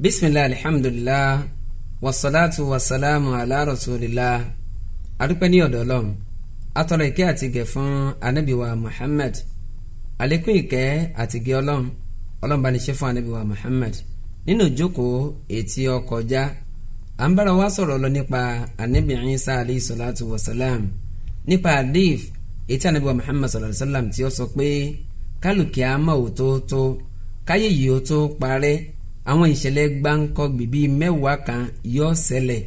bisimilahi alihamdulilah wasalaatu wasalaamu ala rasulillah adúpẹ́ ní ọ̀dọ̀ Ọlọ́run atọrọ ìkẹ́ àti ìgẹ̀ fún anabiwa Muhammad àlékún ìkẹ́ àti ìgẹ̀ Ọlọ́run Ọlọ́run bá ní fún anabiwa Muhammad nínú ìjókòó etí ọkọjá à ń bára wa sọ̀rọ̀ lọ nípa anabi Isa alayhi salatu wasalam nípa adif etí anabiwa Muhammad sallallahu alayhi wa sallam tí ó sọ pé kálukì àmọ́ òtótó káyé yìí ó tó parẹ́ àwọn ìṣẹ̀lẹ̀ gbáǹkọ́gbì bíi mẹ́wàá kan yóò ṣẹlẹ̀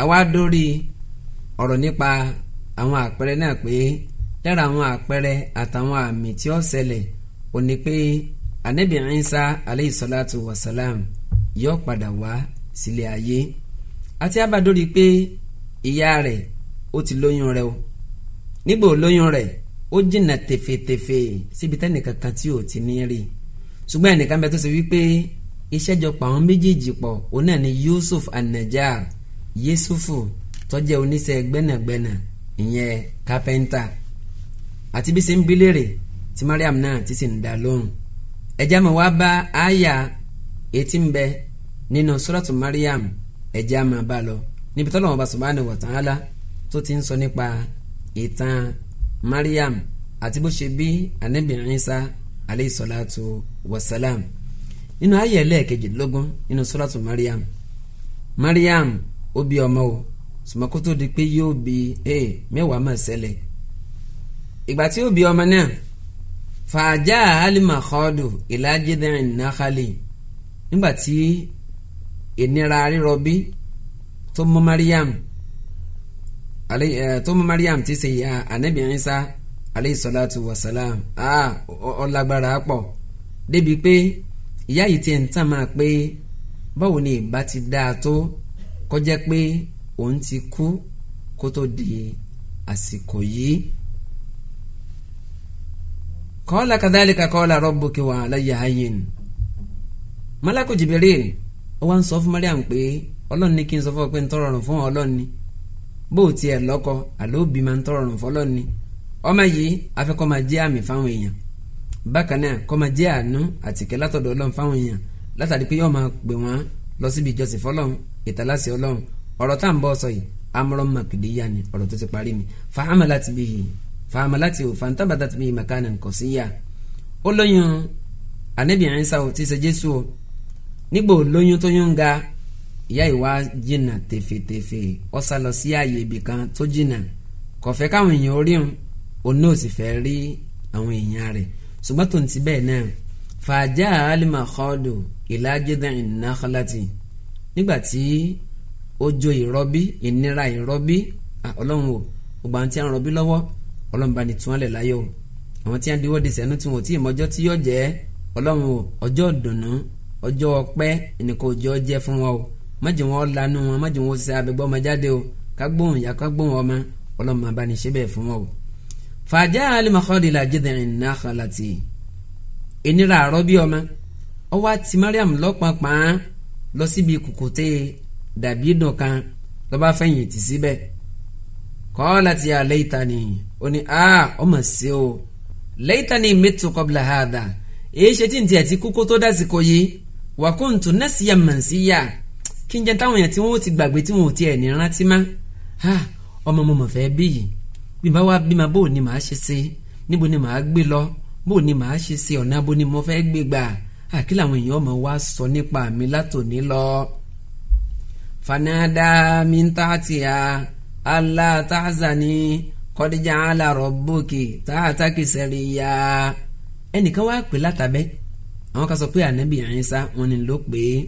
àwa dórí ọ̀rọ̀ nípa àwọn àpẹẹrẹ náà pé lára àwọn àpẹẹrẹ àtàwọn àmì tí ó ṣẹlẹ̀ ò ní pé Ànábì Ìsá aleyhi salatu wa salam yóò padà wá sílẹ̀ ayé àti abadórí pé ìyá rẹ̀ ó ti lóyún rẹ̀ o nígbà olóyún rẹ̀ ó jìnnà tẹ̀fẹ̀tẹ̀fẹ̀ síbi tẹ́nìkan kan tí ò ti ní rí ṣùgbọ́n ẹnìkan bẹ tó ṣe wípé iṣẹ́ jọ pa àwọn méjèèjì pọ̀ òun náà ni Yusuf anajar Yusufu tó jẹ́ oníṣẹ́ gbẹ́nàgbẹ́nà ìyẹn kápẹ́ńtà àti bí ṣe ń bílèrè tí Mariam náà ti sì ń dá lóhùn ẹjẹ́ àmọ́ wá bá àyà etí ń bẹ nínú suratu Mariam ẹjẹ́ àmọ́ bá lọ níbi tọ́lọ́wọ́ bá subhanahu wa ta'ala tó ti ń sọ nípa ìtàn Mariam àti bó ṣe bí anabi Isa aleyhi salatu wa salam nínú ayé ẹlẹ́ẹ̀kejìdínlógún nínú suratu Mariam Mariam ó bí ọmọ o sùmọ́kó tó di pé yóò bí ee eh, mẹ́wàá máa ṣẹlẹ̀ ìgbà tí ó bí ọmọ náà fàájà alimakọ́dù ìlàjẹ́dẹ́rìn náhálì nígbà tí ìnira rírọbí tó mú Mariam eh, tó mú Mariam ti ṣe ya anabi Isa aleyhisalatu wasalam ah ọlágbára pọ̀ débi pé ìyá yìí ti ń tàn máa pé báwo ni ìbá ti dáa tó kọjá pé òun ti kú kó tó di àsìkò yìí. kọ́lá kadhalika kọ́lá rabbuki wa alayya hayyin malaku Jibril ó wá ń sọ fún Mariam pé ọlọ́run ní kí n sọ fún ọ pé ń tọrọrùn fún ọlọ́run ni bó o tiẹ̀ lọ́kọ àlọ́ máa ń tọrọrùn fún ọlọ́run ni ọmọ yìí afẹ́kọ́ máa jẹ́ àmì fáwọn èèyàn bákan náà kó máa jẹ́ àánú àtìkẹ́ látọ̀dọ̀ ọlọ́run fáwọn èèyàn látàrí pé yóò máa pè wọ́n lọ síbi ìjọsìn fọlọ́run ìtàláṣẹ ọlọ́run ọ̀rọ̀ tá à ń bọ́ sọ yìí amúrọ̀ màkìdíyà ni ọ̀rọ̀ tó ti parí mi fàámà láti bí yìí fàámà láti ò fàǹtàbà láti bí yìí màkánà kò sí yá ó lóyún ànábì Ìsá o ti ṣe Jésù o nígbà olóyún tó yún ga ìyá ìwà jìnnà tèfètèfè ó sá lọ sí ààyè ibì kan tó jìnnà kò káwọn èèyàn orí òun òun náà sì fẹ́ rí àwọn èèyàn rẹ̀ ṣùgbọ́n tó ń ti bẹ́ẹ̀ náà fàájà alima kọ́ọ̀dù ìlàjẹ́dà ìnáhọ́láti nígbà tí ojo ìrọ́bí ìnira ìrọ́bí ọlọ́run o gbogbo àwọn tí wọ́n rọ́bí lọ́wọ́ ọlọ́run bá ní tún ọ̀lẹ̀ láyọ̀ o àwọn tí wọ́n diwọ́ di sẹ́nu tí wọ́n tí ìmọ̀jọ́ tí yóò jẹ́ ọlọ́run o ọjọ́ ìdùnnú ọjọ́ ọpẹ́ ẹnìkan òjò jẹ́ fún wọn o má wọn lanu wọn má wọn ṣe abẹ́gbọ́ ọmọ jáde o ká gbóhùn ìyá ọmọ ọlọ́run máa bá ní ṣe bẹ́ẹ̀ fún wọn o fàájà alimakọ́dé la jẹ́dẹ̀rin náà kọ́láti ìnira àárọ̀ bí ọmọ ó wá ti mariam lọ́pàpàá lọ síbi kùkùté dàbí dùnkan lọ́ba fẹ̀yìn tì síbẹ̀ kọ́láti alẹ́ ìta ni ó ní a ọmọ sí o lẹ́yìn tani mẹ́tò kọ́bla hàdà èyí ṣe tí n tiẹ̀ ti kókó tó dásìkò yìí wà kó n tó nẹ́sì yà mọ̀ sí yà kí n jẹ́ táwọn èèyàn tí wọ́n ti gbàgbé tí wọ́n ò tiẹ̀ ní rántí má ọmọ mo fẹ́ bí yìí bí bá wá bímọ bó ni màá ṣe sí níbo ni màá gbé lọ bó ni màá ṣe sí ọ̀nà bó ni mo fẹ́ gbé gbà àkí làwọn èèyàn ọmọ wa sọ nípa mi látòní lọ. fanada mi ń tààtì ya allah ta'azani kọ́díjà alárọ̀ bókè tààtàkì sẹ́rí ya. ẹnìkan wá pè látàbẹ́ àwọn kan sọ pé ànábì Ìsá wọn ni ló pè é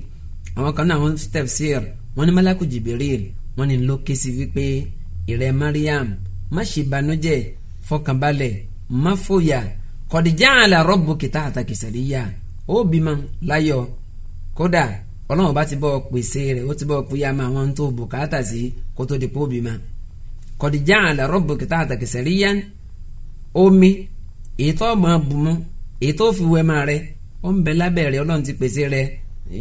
àwọn kan náà wọn tafsir wọn ni malaku Jibril wọn ni ló ké sí wípé ìrẹ Mariam má ṣe banújẹ́ fọkànbalẹ̀ má fòyà kọ̀díjà àlà rọ́bù kìtà àtàkì sàríyà ó bímọ láyọ̀ kódà ọlọ́run bá ti bọ́ pèsè rẹ̀ ó ti bọ́ pé yàmà àwọn tó bùkátà sí kó tó di pé ó bímọ kọ̀díjà àlà rọ́bù kìtà àtàkì sàríyà omi ètò ọmọ bùnmu ètò òfìwẹ́mà rẹ ó ń bẹ lábẹ́ ọlọ́run ti pèsè rẹ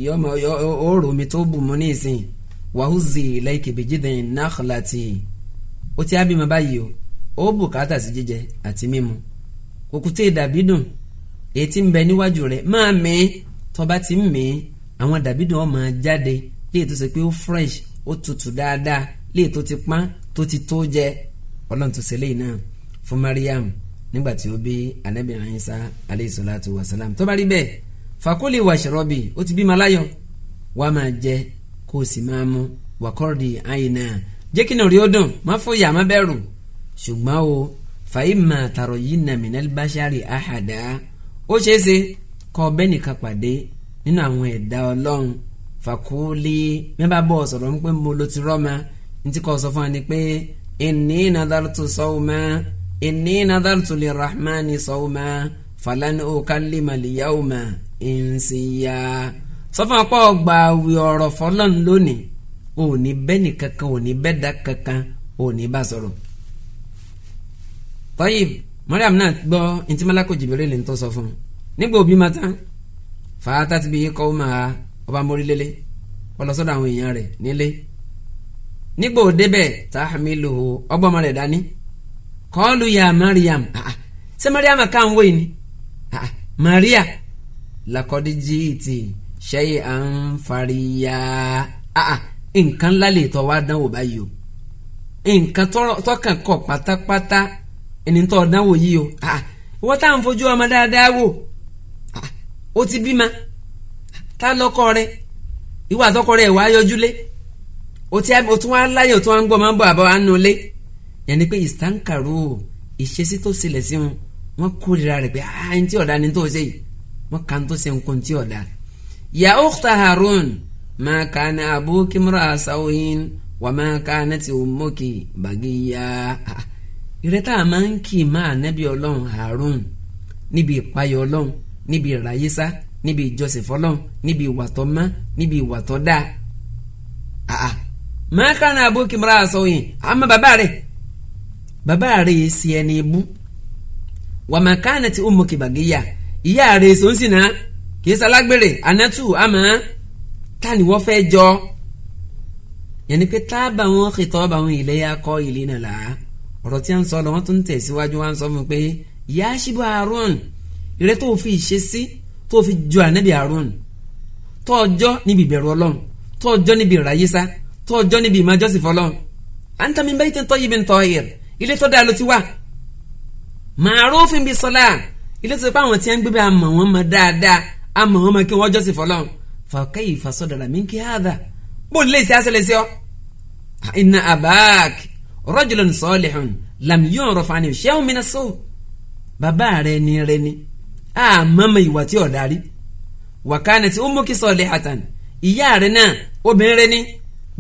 yọmọ yọ òórùn omi tó bùnmu ní ìsìn wàhùzì lẹ́kẹ̀bẹ̀jìdẹ̀ náà ó ti á bímọ báyìí o ó bùkátà sí jíjẹ àti mímu òkúté dàbídùn ètí ń bẹ níwájú rẹ máa mí tọba ti ń mí àwọn dàbídùn ọmọ jáde léè tó ṣe pé ó fresh ó tutù dáadáa léè tó ti pán tó ti tó jẹ ọlọ́run tó ṣe léyìí náà fún Mariam nígbà tí ó bí anabi Isa aleyhi salatu wa salam tó bá rí bẹ́ẹ̀ fakoli wàṣẹrọbì ó ti bímọ aláyọ̀ wàá máa jẹ kó o sì máa mu wàkọ́rọ̀dì àyìnà jẹ́ kí nìrí ó dùn má fòyà má bẹ̀rù ṣùgbọ́n o fàyímà tààrọ̀ yìí nà mìíràn báṣárì àhàdá ó ṣeé ṣe kọ́ ọbẹ̀ nìkan pàdé nínú àwọn ẹ̀dá ọlọ́run fàkúlì mẹ́bàá bọ̀ sọ̀rọ̀ ń pẹ́ mo lo ti rọ́ọ̀mà ntí kò sọ fún wa ni pé ẹni nàdàrútù sọ́ọ̀mà ẹni nàdàrútù lè rahmani sọ́ọ̀mà falani òkàlì màlìyàwòmà ẹ̀ǹsìyà sọ fún wa pọ̀ gbàwé ọ̀rọ̀ fọlọ́n lónìí o ò ní bẹ́ nìkankan o ò ní bẹ́ da kankan o ò ní bá sọ̀rọ̀. tọ́yì mariam náà gbọ́ ntí malako jìbìrì lè ń tọ́ sọ fún un nígbà òbí ma tán fàátà ti bí kọ́ ma ọba mórílélẹ́ ọlọ́sọ́dọ̀ àwọn èèyàn rẹ̀ nílé nígbà òde bẹ́ẹ̀ tahamilu ọgbọ́n rẹ̀ dání kọ́ọ̀lù ya mariam ṣé mariam kà ń wéyìn ni maria lakọ́dí jíìtì ṣẹ́yìn à ń fariya. ah nǹkan ńlá lè tọ́ wá dánwò báyìí o nǹkan tọkàn kọ pátápátá ẹni tọ́ dánwò yìí o ah, ah, wọ́n tá à ń fojú ọmọ dáadáa wò ah, ó ti bímọ tá lọ́kọ rẹ ìwà àtọkọ rẹ wàá yọjú lé o tún wá láyè o tún wá ń gbọ́ máa ń bọ̀ àbọ̀ àánú lé yẹn pé ìsànkàrò ìṣesí tó sílẹ̀ sí wọn wọ́n kórìíra rẹ̀ pé ẹni tí ọ̀dà ni tó ṣe yìí wọ́n kà ń tó ṣe nǹkan tí ọ̀dà. ya ukhta Harun ma kana abuki mura sauyin wa ma kana ti ummuki bagiya ìrètà máa ń kì máa nẹ́bí ọlọ́run Harun níbi ìpayọ̀ ọlọ́run níbi ìrayésá níbi ìjọsìn fọlọ́run níbi ìwà tó mọ́ níbi ìwà tó dáa ah, ah. ma kana abuki mura sauyin àmọ́ bàbá rẹ̀ bàbá rẹ̀ yìí sí ẹni ibú wa ma kana ti ummuki bagiya ìyá rẹ̀ sọ́nsìn náà kì í sálágbèrè anátù àmọ́ ta ni wọ́n fẹ́ jọ yẹn ni pé tábà wọn kìtọ́ bá wọn ilé yà kọ́ ilé náà là ọ̀rọ̀ tí a ń sọ lọ wọ́n tún tẹ̀síwájú wa ń sọ fún mi pé yáṣíbọ̀ Aaron ìrẹ́ tó fi ìṣe sí tó fi jọ ànábì Aaron tó ọjọ́ níbi ìbẹ̀rù Ọlọ́run tó níbi ìráyésá tó níbi ìmájọ́sìn fọlọ́run à ń tàmí bẹ́ẹ̀ tí ń tọ́ yìí bí ń tọ́ yìí ilé tó dáa ló ti wà màrúfin bíi sọlá ilé tó ti pa àwọn tí wọ́n gbé bẹ́ẹ̀ àmọ̀ wọn mọ̀ dáadáa àmọ̀ wọn mọ̀ kí wọ́n jọ́sìn fọlọ́run fàkẹ́yì fasọ́dọ̀dà mi kí hàdà bó lè ṣe àṣẹlẹ̀ sí ọ. inna abak rajulun salihun lam yu'raf anhu shay'un min as-su' bàbá rẹ ni rẹ ni àmọ́mọ́ ìwà tí ọ̀darí wa kanat ummuki salihatan ìyá rẹ náà obìnrin rẹ ni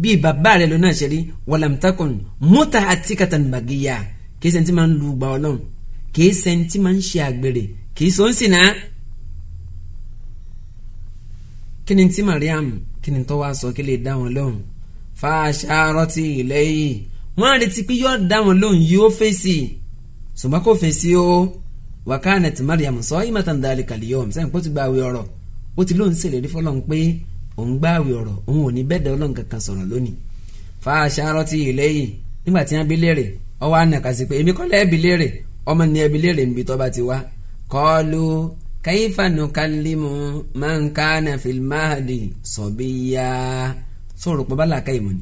bí bàbá rẹ lónà ṣe rí walam takun muta'attikatan baghiya kìí ṣe máa ń lu gbà kìí ṣe máa ń ṣe àgbèrè kìí ṣe sìn náà kí ni tí Mariam kí ni tó wá sọ kí lè dá wọn lóhùn fàṣàrọ́tì lẹ́yìn wọ́n á retí pé yóò dá wọn lóhùn yóò fèsì ṣùgbọ́n kò fèsì o wàkánẹt Mariam sọ ìmọ̀tàn dàlí kàlíyọ̀m sẹ́yìn pọ́ ti gba àwẹ̀ ọ̀rọ̀ ó ti lóhùn ṣèlérí fọlọ́n pé òun gba àwẹ̀ ọ̀rọ̀ òun ò ní bẹ́ẹ̀ dẹ́ ọlọ́run kankan sọ̀rọ̀ lónìí fàṣàrọ́tì lẹ́yìn nígbà tí wọ́n bi léèrè ọwọ́ kàyífà nùkàlímù máa ń ká nàfìlmáàdì sọ̀bíyà sọ̀rọ̀ pọ̀ bálà káyìmù ni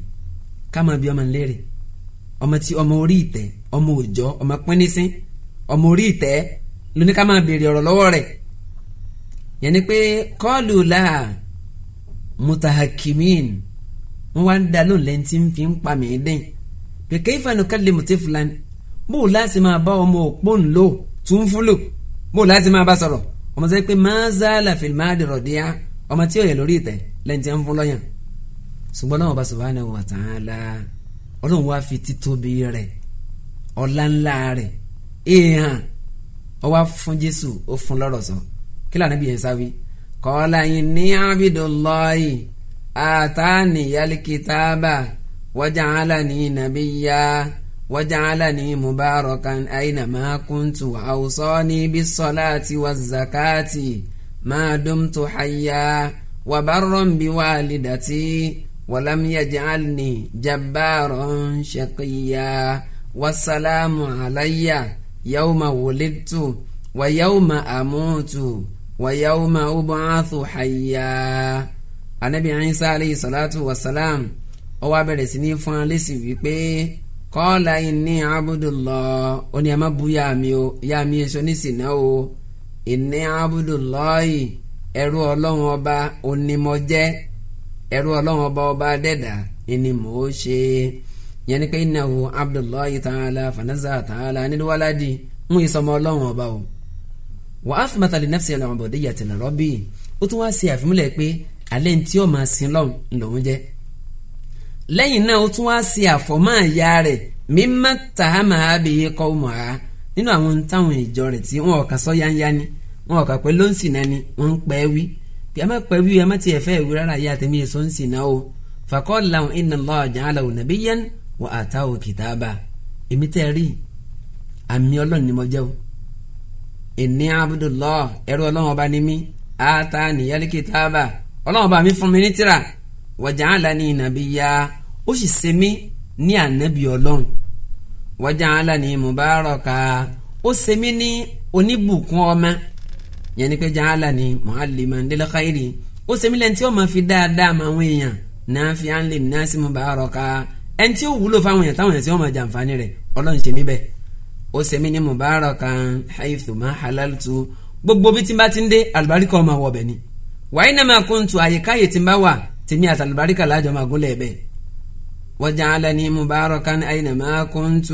ká máa bí ọmọ léèrè ọmọ tí ọmọ orí ìtẹ́ ọmọ òòjọ́ ọmọ pínísín ọmọ orí ìtẹ́ lóní ká máa béèrè ọ̀rọ̀ lọ́wọ́ yẹn ni pé kọ́ọ̀lù láà mutahakimin wọ́n wá ń da lóun lẹ́yìn tí ń fi ń pa mí dín pé kàyífà nùkàlímù tí fúlàní bó o láti máa bá ọmọ òpó ńlò tún fúlò bó o láti máa bá sọ̀rọ̀ ọmọ sẹ́yìn pé mazala fil madi rọ̀díà ọmọ tí ò yẹ lórí ìtẹ́ lẹ́yìn tí wọ́n ń fún lọ́yàn ṣùgbọ́n náà ọba subhanahu wa ta'ala ọlọ́run wá fi títóbi rẹ̀ ọlá ńlá èèyàn ó fún jésù ó fún lọ́rọ̀ sọ kí lànà bí yẹn sáwí kọ́lá yìí ní abidullahi àtàníyàlì kìtàbà waja'alani nabiyya. وجعلني مباركا أينما كنت وأوصاني بالصلاة والزكاة ما دمت حيا وبرا بوالدتي ولم يجعلني جبارا شقيا والسلام علي يوم ولدت ويوم أموت ويوم أبعث حيا anabi Isa alayhi salatu wa salam ó wá bẹ̀rẹ̀ sí ní fún alẹ́sì wípé kọ́ọ̀lá ìní abudulọ ó ní ẹ má bu yàmi o mi èso ní sìnà o ìní abudulọ yìí ọlọ́run ọba onímọ̀jẹ́ ẹrú ọlọ́run ọba ọba dẹ́dà ìní mò ó ṣe yẹn ni pé ta'ala fanaza ta'ala nílùwàládì ń ìsọmọ ọlọ́run ọba o wà á nẹ́fẹ̀sì yàtìlẹ̀ rọ́bì ó tún wá sí àfimúlẹ̀ pé alẹ́ ní tí lẹ́yìn náà ó tún wá sí àfọ̀mọ́ àyà rẹ̀ mímọ́ tàhámà àbí kọ́ mọ̀ á nínú àwọn táwọn ìjọ rẹ̀ tí wọn ọ̀kà sọ yányá ni wọn ọ̀kà pé ló ń sìn náà ni wọ́n ń pẹ́ wí bí a má pẹ́ wí a má tiẹ̀ fẹ́ ìwé rárá yá tẹ̀mí èso ń sìn náà o fàkọ́ làwọn iná lọ́ọ̀ jàǹlàwò nàbíyẹn wọ́n àtàwọ̀ kìtàbà èmi tẹ́ rí àmì ọlọ́run ni mo jẹ́ o ìní abudullah ẹrú ọlọ́run ni mí ata ó sì ṣe mí ní ànábì ọlọ́run waja'alani mubaraka ó ṣe mí ní oníbùkún ọmọ yẹn ni pé ja'alani mualliman lil khairi ó ṣe mí lẹ́ni tí ó máa fi dáadáa máa wọ èèyàn nafi'an lin nasi mubaraka ẹni tí ó wúlò fáwọn èèyàn táwọn èèyàn tí wọ́n máa jàǹfààní rẹ̀ ọlọ́run ṣe bẹ́ẹ̀ ó ṣe mí ní mubaraka haythu ma tu, gbogbo bí tí n bá ti ń dé àlùbáríkà ọmọ wọ̀ bẹ̀ ni wàyí náà máa kó àyíká yìí tí bá wà tèmi àtàlùbáríkà láàjọ máa gúnlẹ̀ bẹ́ẹ̀ وجعلني مباركا أينما كنت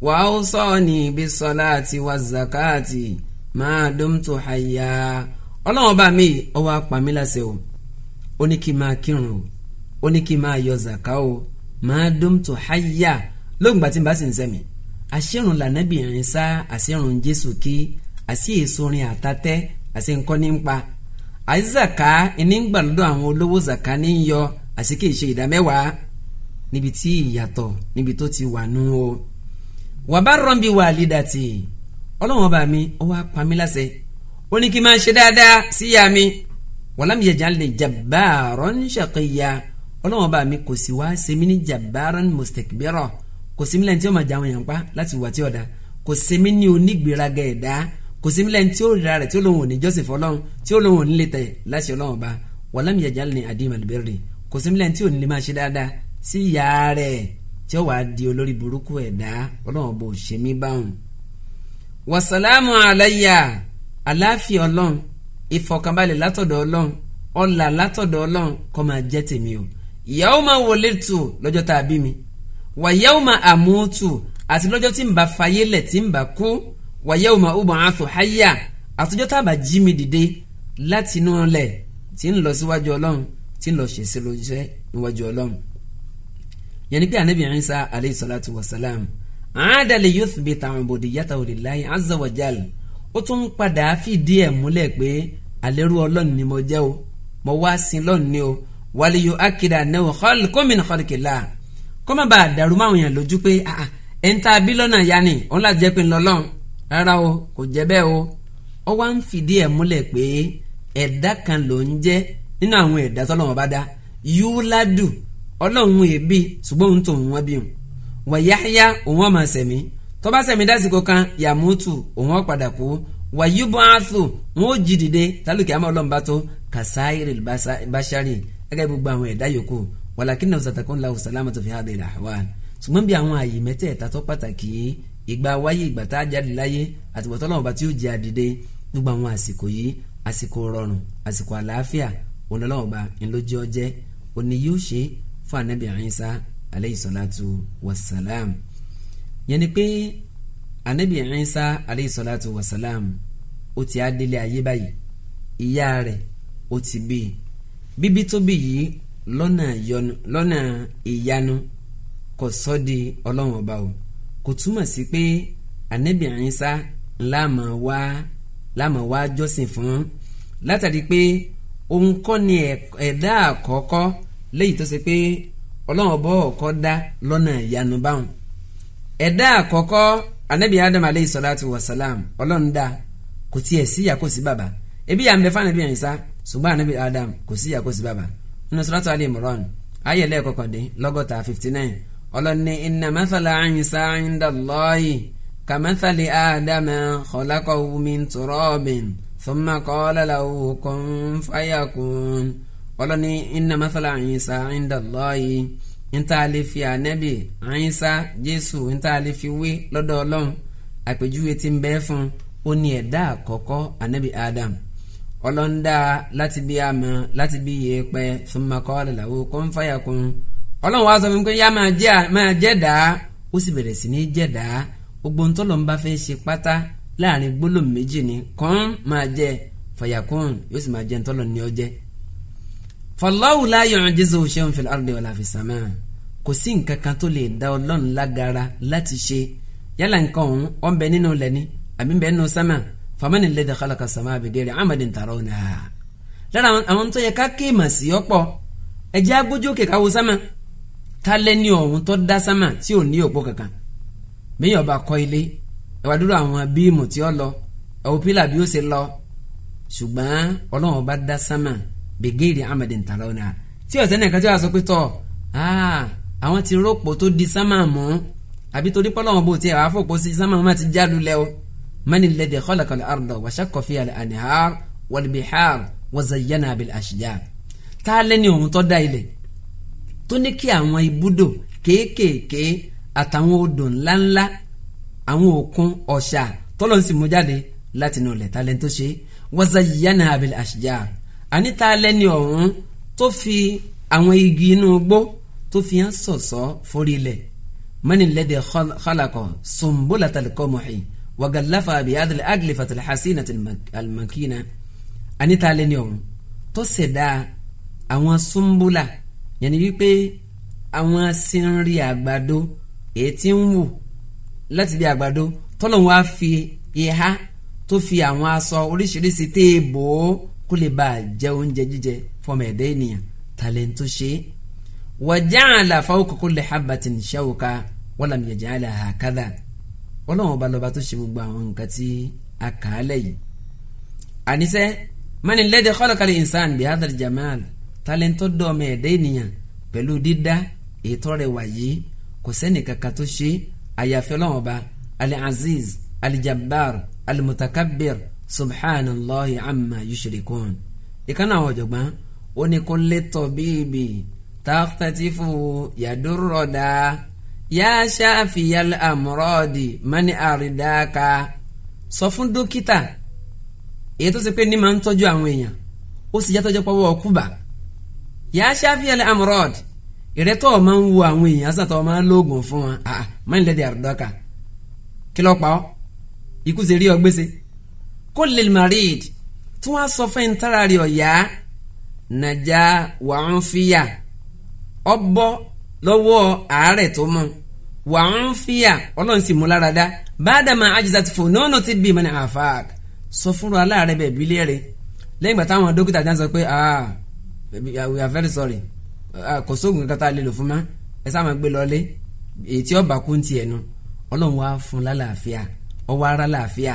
وأوصاني بالصلاة والزكاة ما دمت حيا ọlọ́run bá mi ó wá pa mí láṣẹ o ó ní kí n máa kírun o ó ní kí n máa yọ zàká o máa dumtu hayya lóògbà tí n bá sì sẹ́mi àṣírun lànàbìnrin sá àṣírun jésù kí àṣì èsorin àtàtẹ́ àṣì nǹkan ní ń ìní ń gbà àwọn olówó zàká ní yọ àṣì kì ìdá mẹ́wàá níbi tí ìyàtọ̀ níbi tó ti wà nù o wà bá rọ́ǹbì wà lídàtì ọlọ́wọ́n bá mi ó wá pa mí láṣẹ ó ní kí n máa ṣe dáadáa sí ìyá mi wàlámì yẹjà lè jabbaran shaqiya ọlọ́wọ́n bá mi kò sì wá sẹ́mi ní jabbaran mustakbira kò sí mi lẹ́yìn tí ó máa jáwọn yàn pa láti wà tí ọ̀dà kò sí mi ní onígbèraga ẹ̀dá kò sí mi lẹ́yìn tí ó rira rẹ̀ tí ó lóun ò ní jọ́sìn fọlọ́run tí ó lóun ò sí ìyá rẹ̀ tí ó wàá di olórí burúkú ẹ̀dá ọlọ́run bò ṣe mí báwọn. wàsálàmù aláyà aláfíà ọlọ́run ìfọ̀kànbalẹ̀ látọ̀dọ̀ ọlọ́run ọlà látọ̀dọ̀ ọlọ́run kó máa jẹ́ tèmi o ìyàwó máa wọlé tù lọ́jọ́ tá a bí mi wàyàwó máa àmútù àti lọ́jọ́ tí ń bá fayé lẹ̀ tí ń bá kú wàyàwó máa ọmọ àtò háyà àtọjọ́ tá a bá jí mi dìde látinú ọlẹ̀ tí ń lọ síwájú ọlọ́run tí ń lọ ṣèṣe lójúṣẹ́ níwájú ọlọ́run yẹnni pé anabi Isa aleyhi salatu wa salam àádàlẹ̀ yóò fi bẹ́ẹ̀ tàwọn bòde yàtọ̀ òde láyé azza wa jal ó tún padà fìdí ẹ̀ múlẹ̀ pé àlẹ́rú ọlọ́run ni mo jẹ́ o mo wá sí lọ́run ni o wàlẹ̀ yóò akéde ànáwó xọ́lì kọ́mìn xọ́lì kìlá kọ́mọ bá dàrú máwọn yàn lójú pé ẹ̀ ń ta yanni òun láti jẹ́ pé ń rárá o kò jẹ́ bẹ́ẹ̀ o ó wá ń fìdí ẹ̀ múlẹ̀ pé ẹ̀dá kan ló ń jẹ́ nínú àwọn ẹ̀dá tọ́lọ́wọ́n dá yúládù ọlọ́run èébì ṣùgbọ́n òun tòun wọn bí òun wàyáyá òun ọmọ sẹ̀mí tó bá sẹ̀mí dásìkò kan yàmútù òun ọ̀padà kú wàyúbọ̀ àtò wọn ò jí dìde tálùkì àmọ́ ọlọ́run bá tó kàsáírì báṣárì gẹ́gẹ́ gbogbo àwọn ẹ̀dá yòókù wàlàkì náà sàtàkùn làwọn sàlámà tó fi hàn dèrè àwa ṣùgbọ́n bí àwọn àyè mẹ́tẹ̀ẹ̀ta tó pàtàkì ìgbà wáyé ìgbà tá a jáde láyé àtìwọ́tọ́ náà bá tí ó jẹ́ àdìde gbogbo àwọn àsìkò yìí àsìkò rọrùn àsìkò àlàáfíà òun lọ́wọ́ bá ńlójú ọjẹ́ òní yóò ṣe é fún anabi Isa aleyhi salatu wa salam yẹn ni pé anabi Isa aleyhi salatu wa salam ó ti á délé ayé báyìí ìyá rẹ̀ ó ti bí bíbí tó bí yìí lọ́nà yọnu lọ́nà ìyanu kò sọ́ di ọlọ́run ọba o kò túmọ̀ sí pé anabi Isa láàmà wá láàmà wá jọ́sìn fún látàrí pé òun kọ́ ni ẹ̀dá àkọ́kọ́ léyìí tó ṣe pé ọlọ́run bọ́ ọ̀kọ́ dá lọ́nà ìyanu báwọn ẹ̀dá àkọ́kọ́ anabi adam aleyhi salatu wa salam ọlọ́run dá kò tiẹ̀ síyà kò sí bàbá ebi yà ń bẹ fún anabi àyìnsá ṣùgbọ́n anabi adam kò síyà kò sí bàbá nínú suratu ali imran ayé lẹ́ẹ̀kọ́kọ́dé lọ́gọ́ta fifty nine ọlọ́ni inna mathala àyìnsá inda Allahi kamathali adama khalaqahu min turabin thumma qala lahu kun fayakun ọlọ́ni inna mathala Isa inda Allahi níta lè fi ànẹ́bì Isa Jésù níta lè fi wé lọ́dọ̀ ọlọ́run àpèjúwe tí ń bẹ fún ó ní ẹ̀dá àkọ́kọ́ ànẹ́bì Adam ọlọ́ndà láti bí àmọ́ láti bí yẹ̀pẹ̀ thumma qala lahu kun fayakun ọlọ́run wá sọ fún mi pé yá máa jẹ́ dáa ó sì bẹ̀rẹ̀ sí ní jẹ́ dáa gbogbo ntọ́lọ́ ń bá fẹ́ ṣe pátá láàrin gbólóhùn méjì ni kàn máa jẹ fàyàkùn yóò sì máa jẹ ntọ́lọ́ ní ọjẹ́ fallahu la yu'jizuhu shay'un fil ardi wala fis samaa kò sí nǹkan kan tó lè da ọlọ́run lágara láti ṣe yálà nǹkan ọ̀hún ó ń bẹ nínú lẹ́ni àbí ń bẹ nínú sámà famani alladhi khalaqa samaa bighairi amadin tarawnaha lára àwọn tó yẹ ká ké mà sí ọ̀pọ̀ ẹ̀jẹ̀ agbójókè káwo sámà ta lẹ́ni ọ̀hún tó dá sámà tí ò ní òpó kankan bẹ́ẹ̀ bigeri ahmed ntalaona tí ọ̀sẹ̀ nìkan tí wàá sọ pé tọ̀ ah, àwọn ti rọ́pò tó di sámà mọ́ àbí torí pọ́lọ́wọ́n bò tiẹ̀ wàá fòpò sí sámà mọ́ àti jálu lẹ́ o mani lẹ́dẹ̀ kọ́lọ̀kọ́lọ̀ àrùdọ̀ wàṣà kọfí àlẹ́ àníhàr wàlbìhàr wàzàyànà àbí àṣìyà tá a lẹ́ni òun tó dá ilẹ̀ tó ní kí àwọn ibùdó kéékèèké àtàwọn odò ńláńlá àwọn òkun ọ̀ṣà tọ́lọ́ ń sì mú jáde látinú ilẹ̀ tá a tó ṣe wàzàyànà àbí àṣìyà àníta lẹ́ni ọ̀hún tó fi àwọn igi inú igbó tó fi hàn sọ̀sọ́ forílẹ̀ mani lẹ́dẹ̀ xalakọ̀ sunbola talikọ́ mọ̀ọ́hìn wàgàláfà abiyadil agilifatil hasina alimakina àníta lẹ́ni ọ̀hún tó ṣẹ̀dá àwọn sunbola yẹni wípé àwọn sinri àgbàdo èyí ń wù láti bí àgbàdo tọ́lọ̀ wá fi ìhá tó fi àwọn aṣọ oríṣiríṣi téèbò ó kó lè bá a jẹ oúnjẹ jíjẹ fọmọ ẹ̀dá ènìyàn tàlẹ́ǹtò ṣe é wàjà àlàfà òkòkò lè habàtì nìṣàwòká wọn làmì yàjà àlà àkàdà wọn làwọn ọba lọba tó ṣe gbogbo àwọn nǹkan tí a kà á lẹ̀ yìí. àníṣe mani lẹ́dẹ̀ kọ́lọ́kàlẹ̀ ìnsán bíi hadar jamal tàlẹ́ǹtò dọ́ọ̀mọ ẹ̀dá ènìyàn pẹ̀lú dídá ètò rẹ̀ wáyé kò sẹ́ni kankan tó ṣe àyàfi ọlọ́wọ́n ọba al-aziz al-jabbar subhanallahi amma yushrikun ìkànnì àwọn ọ̀jọ̀gbọ́n ó ní kó létọ̀ bíbí tààtàtìfù yàdúrọ̀dá yá ṣáfìyàl àmúrọ̀dì mani àrídàkà sọ fún dókítà èyí tó ti pé ní máa ń tọ́jú àwọn èèyàn ó sì yàtọ̀ jẹ́ pọ́wọ́ ọkùbà yá ṣáfìyàl àmúrọ̀dì ìrẹ́tọ̀ máa ń wo àwọn èèyàn sàtọ̀ máa ń lóògùn fún wọn mani lẹ́dí àrídàkà kí ló pa ọ́ ikú ṣe rí ọ gbèsè kullil marid tí wọ́n á sọ fẹ́ ntara rẹ̀ ọ̀yá nàjà wàhún fìyà ọbọ lọ́wọ́ àárẹ̀ tó mọ̀ wàhún fìyà ọlọ́run sì mú lára dá bàdàmà ajizat fònónù ti bí mọ́ni àfàk sọ fúnra aláàrẹ̀ bílẹ̀ rẹ̀ lẹ́yìn gbà táwọn dókítà já sọ pé ah, ah we are very sorry ah, kò sóògùn kankan tá a lè lò fún ma ẹ sáà máa gbé lọlé èyí tí ọba kú ń tiẹ̀ nu ọlọ́run wá fún lálàáfíà ọwọ́ ara làáfíà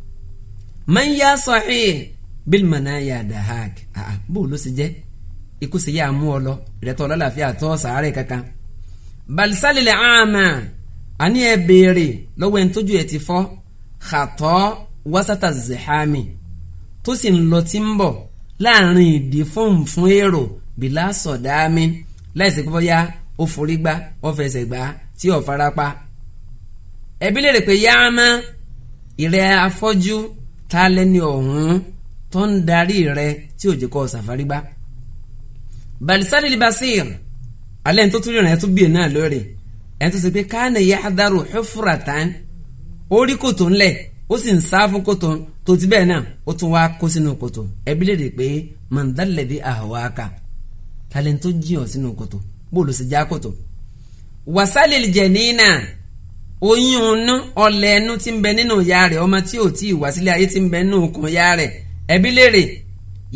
man ya sahih bil manaya dahak ah bó ló ṣe jẹ́ ikú sì yá mú ọ lọ ìrẹ́tọ́ ọlọ́láfíà tọ́ sàárẹ̀ kankan balisalile ama àní ẹ béèrè lọ́wọ́ ẹni ẹ ti fọ́ xatọ́ wasata zihami tó sì ń lọ tí ń bọ̀ láàrin ìdí fún fún èrò bìlà sọ̀dáàmì láìsí pé bóyá ó forí gbá ó fẹsẹ̀ gbá tí ó farapa ẹbí lè rè pé yáàmá ìrẹ́ afọ́jú ta lẹ́ni ọ̀hún tó ń darí rẹ tí ò jẹ́ kọ́ sàfárí gbá. balisani libasir alẹ́ ní tó tún rìnrìn ẹ̀ tún bíyẹn náà lórí ẹ̀ tó ṣe pé káàní yá dárò xufura tán orí kòtò ńlẹ̀ ó sì ń sá fún kòtò tó ti bẹ́ẹ̀ náà ó tún wá kó sínú kòtò ẹbí lè rè pé mandalẹ̀dẹ̀ àhọ́wáka ta tó jiyàn sínú kòtò bó ló ṣe já kòtò. wàsálẹ̀ jẹ̀ nínà oyún inú ọlẹ̀ ẹnu tí ń bẹ nínú ìyá rẹ̀ ọmọ tí ò tí ì wá sílé ayé tí ń bẹ nínú okùn ìyá rẹ̀ ẹbí léèrè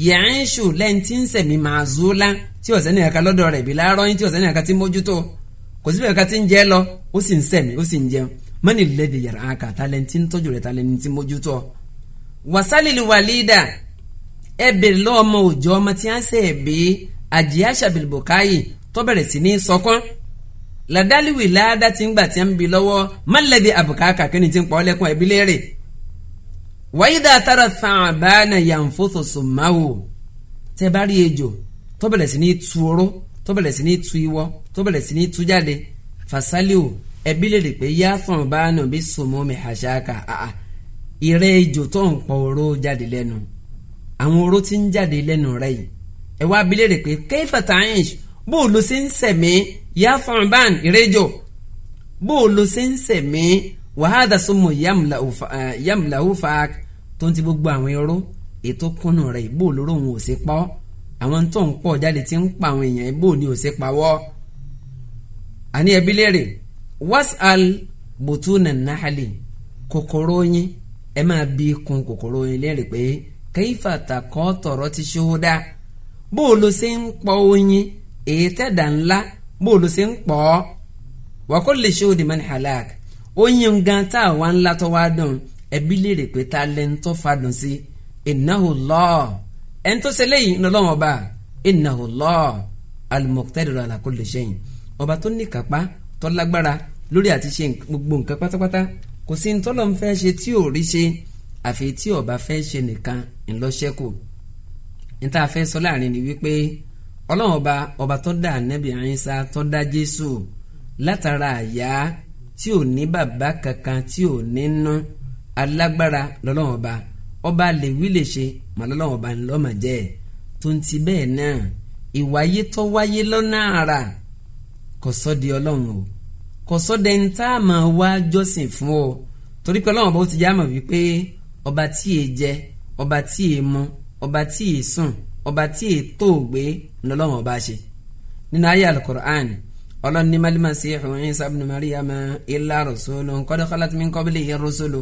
yẹ̀ẹ́nṣù lẹ́yìn tí ń sẹ̀mí màzúlá tí ọ̀sẹ̀ ní ẹ̀ka lọ́dọ̀ rẹ̀ bí láàárọ̀ yín tí ọ̀sẹ̀ ní ẹ̀ka tí mójútó kò síbẹ̀ ẹ̀ka tí ń jẹ́ lọ ó sì ń sẹ̀mí ó sì ń jẹun mọ́ni lẹ́dí yàrá àkà talẹ́ntì ń wasalili walida ẹ bèrè lọ́wọ́ ọmọ òòjọ́ ọmọ tí a ń sẹ̀ làdálìwì láàdá ti ń gbà tí ń bi lọ́wọ́ mọ́lẹ́dì àbùkákà kí ni ti ń pọ́ lẹ́kùn ẹ̀bí léèrè. wáyé dáa tára tàn àbáàna yànfóso sòmáwò tẹ bá rí ejò tó bẹ̀rẹ̀ sí ní tu oró tó bẹ̀rẹ̀ sí ní tu iwọ tó bẹ̀rẹ̀ sí ní tu jáde fàṣálíò ẹ̀bí léèrè pé yá tàn àbáàna bí sòmó mi àṣàkà àà ìrẹ́ ejò tó ń pọ̀ oró jáde lẹ́nu àwọn oró ti ń jáde lẹ́nu rẹ̀ yìí ẹ̀ wá bi léèrè pé kéfà tàyẹ̀ṣù bó o lo ṣe ń sẹ̀mí yá fọ̀nbán ìrẹ́jọ bó o lo ṣe ń sẹ̀mí wàhádà súnmọ̀ yàmùláwù fàák tó ń ti gbogbo àwọn irú ètò kúnnù rẹ̀ bó o ò sí pọ́ àwọn tó ń pọ̀ jáde ti ń pa àwọn èèyàn bó ò sí pawọ́. àní ẹbí léèrè wasal bùtúnà nahali kòkòrò yín ẹ máa bí kun kòkòrò yín léèrè pé kẹ́yìfà tàkọ́ tọ̀rọ̀ ti ṣòwò dá bó o ń pọ̀ oyin èyí tẹ́dà ńlá bóòlù sí ń pọ̀ ọ́ wa kulli shuhudi man halak ó yín gan tá àwa ńlá tó wá dùn ẹbí léèrè pé ta lẹ́nu tó fadùn sí innahu Allah ẹni tó ṣe léyìn lọ́lọ́wọ́n ọba innahu Allah al-muqtadir ala kulli shay ọba tó ní kápá tó lágbára lórí àti ṣe gbogbo nǹkan pátápátá kò sí ntọ́lọ́ ń fẹ́ ṣe tí ò rí ṣe àfi tí ọba fẹ́ ṣe nìkan ńlọ́ṣẹ́kù níta fẹ́ sọ láàrin ni wípé ọlọ́run ọba ọba tó dá anabi Ìsá tó dá jésù látara àyà tí ò ní bàbá kankan tí ò ní ná alágbára lọ́lọ́run ọba ọba lè wí lè ṣe màá lọ́lọ́run ọba ńlọ́mà jẹ́ tó ń ti bẹ́ẹ̀ náà ìwáyé tó wáyé lọ́nà àrà kò sọ́ di ọlọ́run o kò sọ́ dẹ̀ ń tá a máa wá jọ́sìn fún ọ torí pé ọlọ́run ọba ó ti já mọ̀ wípé ọba tí èè jẹ ọba tí èè mu ọba tí èè sùn ọba tí èè tó ògbé ńlọ́lọ́wọ́n bá ṣe nínú ayé alukur'an ọlọ́run ní malima sí ìhùwìn sábìnú mariama ilá rọ̀sọ́lù nkọ́dọ̀ kọ́láti mi ń kọ́bílẹ̀ yẹn rọ́sọ́lù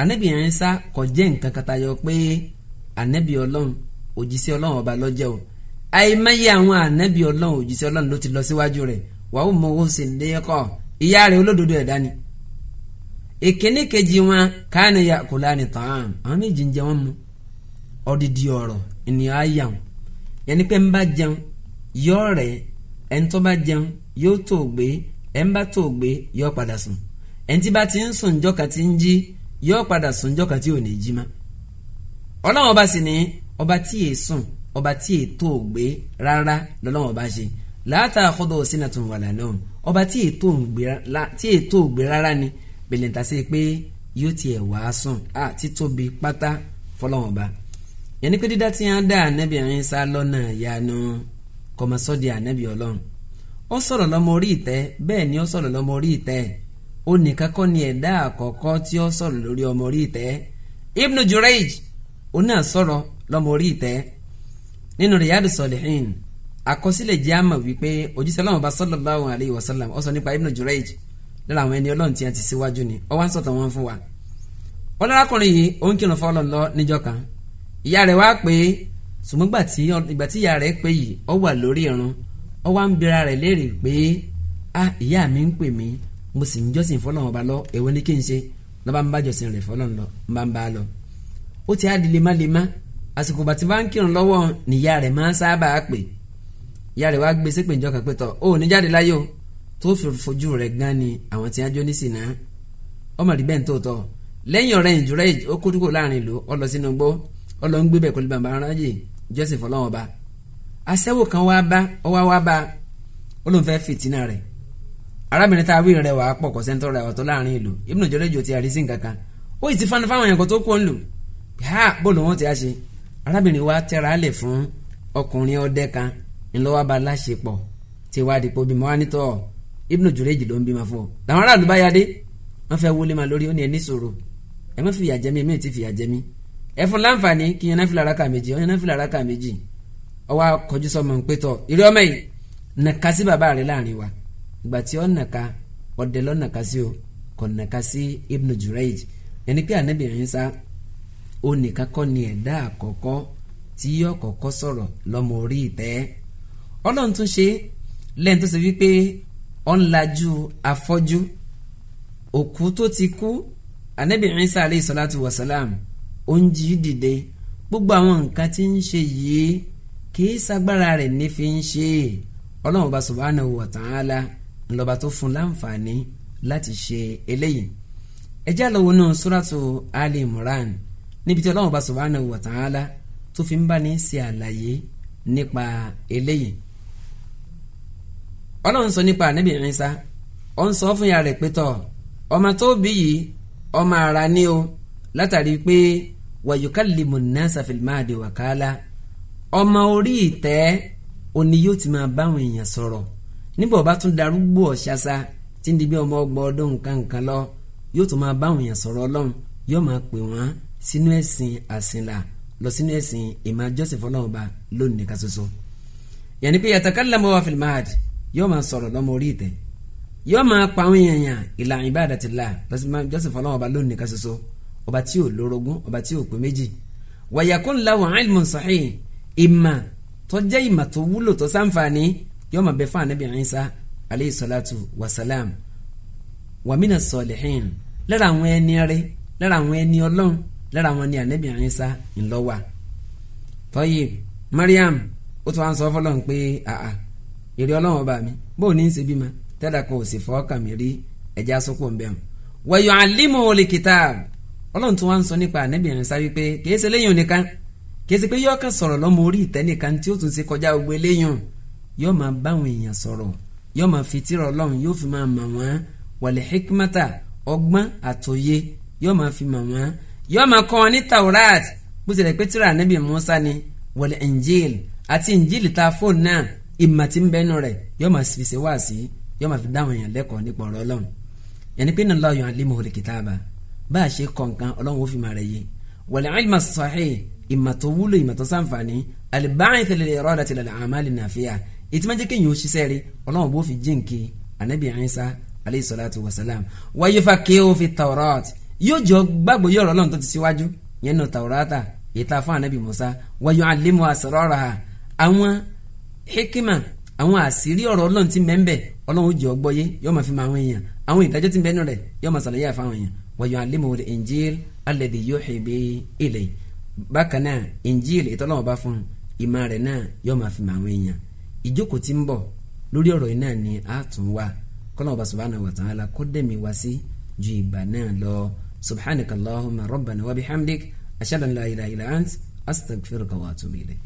anabi Ìsá kò jẹ́ nǹkan kan tayọ pé anabi ọlọ́run òjíṣẹ́ ọlọ́run ọba lọ́jọ́ o àìmáyé àwọn anabi ọlọ́run òjíṣẹ́ ọlọ́run ló ti lọ síwájú rẹ̀ wàá mọ owó sì lékọ́ ìyá rẹ̀ olódodo ẹ̀dá ni ìkíní kejì wọn yẹn ni pé ń bá jẹun yọ rẹ̀ ẹni tó bá jẹun yóò tó gbé ẹni bá tó gbé yọ padà sùn ẹni tí bá ti ń sùn jọ́ka ti ń jí yọ padà sùn jọ́ka tí ò ní jí má ọlọ́run ọba sì ni ọba tí yè sùn ọba tí yè tó gbé rárá lọ́lọ́run ọba ṣe láàtà àkọ́dọ̀ sínú àtúnwò àlànà ọba tí yè tó gbé rárá ni bẹ̀lẹ̀ ta sí pé yóò tiẹ̀ wá sùn àti tóbi pátá fọlọ́run ọba yẹnni pé dídá tí a dá ànábì Ìsá lọ́nà yanu kọmọsọ́dì ànábì ọlọ́run ó sọ̀rọ̀ lọ́mọ orí ìtẹ́ bẹ́ẹ̀ ni ó sọ̀rọ̀ lọ́mọ orí ìtẹ́ ó nìkan kọ́ ni ẹ̀dá àkọ́kọ́ tí ó sọ̀rọ̀ lórí ọmọ orí ìtẹ́ Ibn Jurayj ó náà sọ̀rọ̀ lọ́mọ orí ìtẹ́ nínú Riyadu Salihin àkọsílẹ̀ jẹ́ àmọ̀ wípé òjíṣẹ́ Ọlọ́run bá sallallahu alayhi wa sallam ó sọ nípa Ibn Jurayj lára àwọn ẹni Ọlọ́run tí a ti síwájú ni ó wá sọ̀tàn wọn fún wa. ọlọ́rakùnrin yìí ó ń kírun fọlọ́ lọ níjọ́ kan ìyá rẹ̀ wá pé ṣùgbọ́n ìgbà tí ìyá rẹ̀ pé yìí ọ wà lórí irun ọ wá ń bira rẹ̀ léèrè pé a ìyá mi ń pè mí mo sì ń jọ́sìn fọlọ́run ọba lọ èwo ni kí n ṣe lọ́ba ń bá jọ́sìn rẹ̀ fọlọ́run lọ ń bá ń bá a lọ. ó ti á di lemálema àsìkò bàtí bá ń kírun lọ́wọ́ níyà rẹ̀ máa ń sábà pè ìyá rẹ̀ wá gbé sépè ìjọ kan pé tọ̀ ó ní jáde láyé o tó fi fojú rẹ̀ gan ni àwọn tí ajọ́ nísìn náà ọmọ rí bẹ́ẹ̀ ń tóòtọ́ lẹ́yìn ọ̀rẹ́ ìjùrẹ́ ó kúrúkò láàrin ìlú ó lọ sínú gbó ọlọ́run gbé bẹ̀ pẹ̀lú bàbá aráyè joseph ọlọ́run ọba aṣẹ́wó kan wá bá ọwá wá bá olóhùn fẹ́ fìtínà rẹ̀ arábìnrin tá a wí rẹ̀ wàá pọ̀ kọ́ sẹ́ńtọ́ rẹ̀ ọ̀tọ̀ láàrin ìlú ibùdó jọlẹ́jọ ti àrísí nǹkankan ó sì ti fani fáwọn èèyàn kan tó kó ń lò ha bóòlù wọn ti á ṣe arábìnrin wa tẹra á lè fún ọkùnrin ọdẹ kan ńlọ́wọ́ bá láṣepọ̀ tí wàá dìpọ̀ bímọ wá nítọ́ ibùdó jọlẹ́jì ló ń bímọ fún ọ làwọn aráàlú bá yá dé wọn fẹ́ wọlé ma lórí ó ní ẹni sọ̀rọ̀ ẹ má fìyà jẹ mí ẹ má ti fìyà jẹ mí ẹ fún láǹfààní kí yẹn náà fi làraka méjì ọ yẹn náà fi làraka méjì ọwọ́ akọjú sọmọ ń pétọ ìrí ọmọ yìí nàka sí bàbá rẹ láàrin wa ìgbà tí ọ nàka ọdẹ lọ nàka sí o kò nàka sí Ibn Jurayj ẹni pé Ànábì Ìsá ó nìkan ni ẹ̀dá àkọ́kọ́ tí yọ kọ́kọ́ sọ̀rọ̀ lọ́mọ orí ìtẹ́ ọlọ́run tún ṣe lẹ́yìn tó ṣe wípé ọ̀nlajú afọ́jú òkú tó ti kú Ànábì Ìsá alayhi salatu wa salam ó dìde gbogbo àwọn nǹkan tí ń ṣe yìí kìí sagbára rẹ̀ ní fi ń ṣe ọlọ́run bá subhanahu wa ta'ala ńlọba tó fún láǹfààní láti ṣe eléyìí ẹjẹ́ àlọ́wọ́ náà suratu Ali Imran níbi tí ọlọ́run bá ta'ala tó fi ń bá ní ṣe àlàyé nípa eléyìí ọlọ́run sọ nípa ó ń sọ fún ya rẹ̀ pé tọ̀ ọmọ tó bí yìí wàyùkálìmù nasa fìlmáàdì wàkálà ọmọ orí ìtẹ́ òní yóò ti máa báwọn èèyàn sọ̀rọ̀ níbo bá tún darúgbó ọ̀ṣáṣá tí ń di bí ọmọ ọgbọ̀n ọdún nǹkankan lọ yóò tún máa báwọn èèyàn sọ̀rọ̀ ọlọ́run yóò máa pè wọ́n sínú ẹ̀sìn àsìnlà lọ sínú ẹ̀sìn ìmọ̀ àjọsìn fọlọ́run ọba lónìí nìkan ṣoṣo yẹnni pé yàtàkàlámọ́ wa fìlmáàdì yóò máa sọ̀rọ̀ lọ́mọ orí ìtẹ́ yóò máa pa àwọn èèyàn ìlànà ìbáàdàtìlá lọ sí ìmọ̀ fọlọ́run ọba lónìí nìkan ṣoṣo ọba tí ò lórogún ọba tí ò pé méjì wàyàkùn làwọn ilmu sahih ìmọ̀ tó jẹ́ tó wúlò tó ṣàǹfààní yóò máa bẹ fún anabi Isa aleyhi salatu wa salam wàmínà sọlẹ̀hìn lára àwọn ẹni rẹ lára àwọn ẹni ọlọ́run lára àwọn ẹni anabi Isa ńlọ́wà tọ́yì Mariam ó tún wá ń sọ fọlọ́n pé àà èrè ọlọ́run ọba mi bóun ní í ṣe bímọ tẹ́lẹ̀ kan ò sì fọ́ ọkàn rí ẹ̀já sọ́kùn bẹ́ẹ̀ wọ̀yọ̀ alimu olè kìtàbù ọlọ́run tí wọ́n ń sọ nípa ànábì Ìsá wípé kìí ṣe léyìn nìkan kìí ṣe pé yóò kàn sọ̀rọ̀ lọ́mọ orí ìtẹ́ nìkan tí ó tún ṣe kọjá gbogbo eléyìn yóò máa báwọn èèyàn sọ̀rọ̀ yóò máa fi tírà ọlọ́run yóò fi máa mọ̀ wọ́n wàlẹ̀ hikmata ọgbọ́n àtòye yóò máa fi mọ̀ wọ́n yóò máa kọ́ wọn ní taurat bó tilẹ̀ pé tírà ànábì Mùsá ni wàlẹ̀ injil àti injil ta fóònù náà ìmọ̀ tí ń bẹ́nu rẹ̀ yóò máa fi ṣe wáàsí yóò máa fi dáhùn èèyàn lẹ́kọ̀ọ́ nípa ọ̀rọ̀ ọlọ́run yẹn ni pé nàlọ́ yọ̀ àlímọ̀ bá a ṣe kọ̀ nǹkan ọlọ́run ó fi máa rẹ̀ yé wàlẹ̀ ilma sahih ìmọ̀ tó wúlò ìmọ̀ tó sànfàní al-ba'ith lil-iradati lil-a'mali nafi'a ètí máa jẹ́ kéèyàn ó ṣiṣẹ́ rí ọlọ́run bó fi jíǹkì anabi Isa alayhi salatu wa salam wa yufaqihu fi tawrat yóò jọ gbàgbọ́ yọ̀rọ̀ ọlọ́run tó ti síwájú yẹn nù tawrata ìta fún anabi Musa wa yu'allimu asraraha àwọn hikima wayu'allimuhu al-injil alladhi yuhibbi ilayhi bákan náà injil ìtọ́lọ́wọ́ bá fún ìmọ̀ rẹ̀ náà yóò máa fi mọ àwọn èèyàn ìjókòó tí ń bọ̀ lórí ọ̀rọ̀ yìí náà ni a tún wá kọ́lọ́wọ́ bá subhanahu wa ta'ala kó dẹ̀mí wá sí ju ìgbà náà lọ subhanakallahumma rabbana wa bihamdik ashhadu an la ilaha illa ant astaghfiruka wa atubu ilayk.